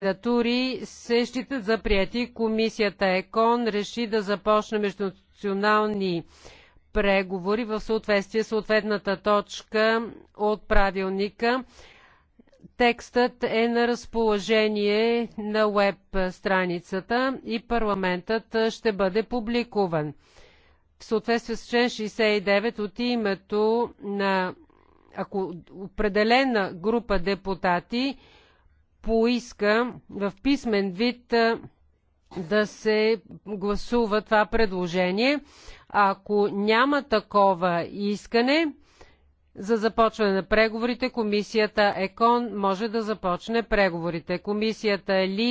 кандидатури се считат за прияти. Комисията ЕКОН реши да започне междунационални преговори в съответствие с съответната точка от правилника. Текстът е на разположение на веб страницата и парламентът ще бъде публикуван. В съответствие с член 69 от името на ако определена група депутати поиска в писмен вид да се гласува това предложение. Ако няма такова искане за започване на преговорите, комисията ЕКОН може да започне преговорите. Комисията ЛИ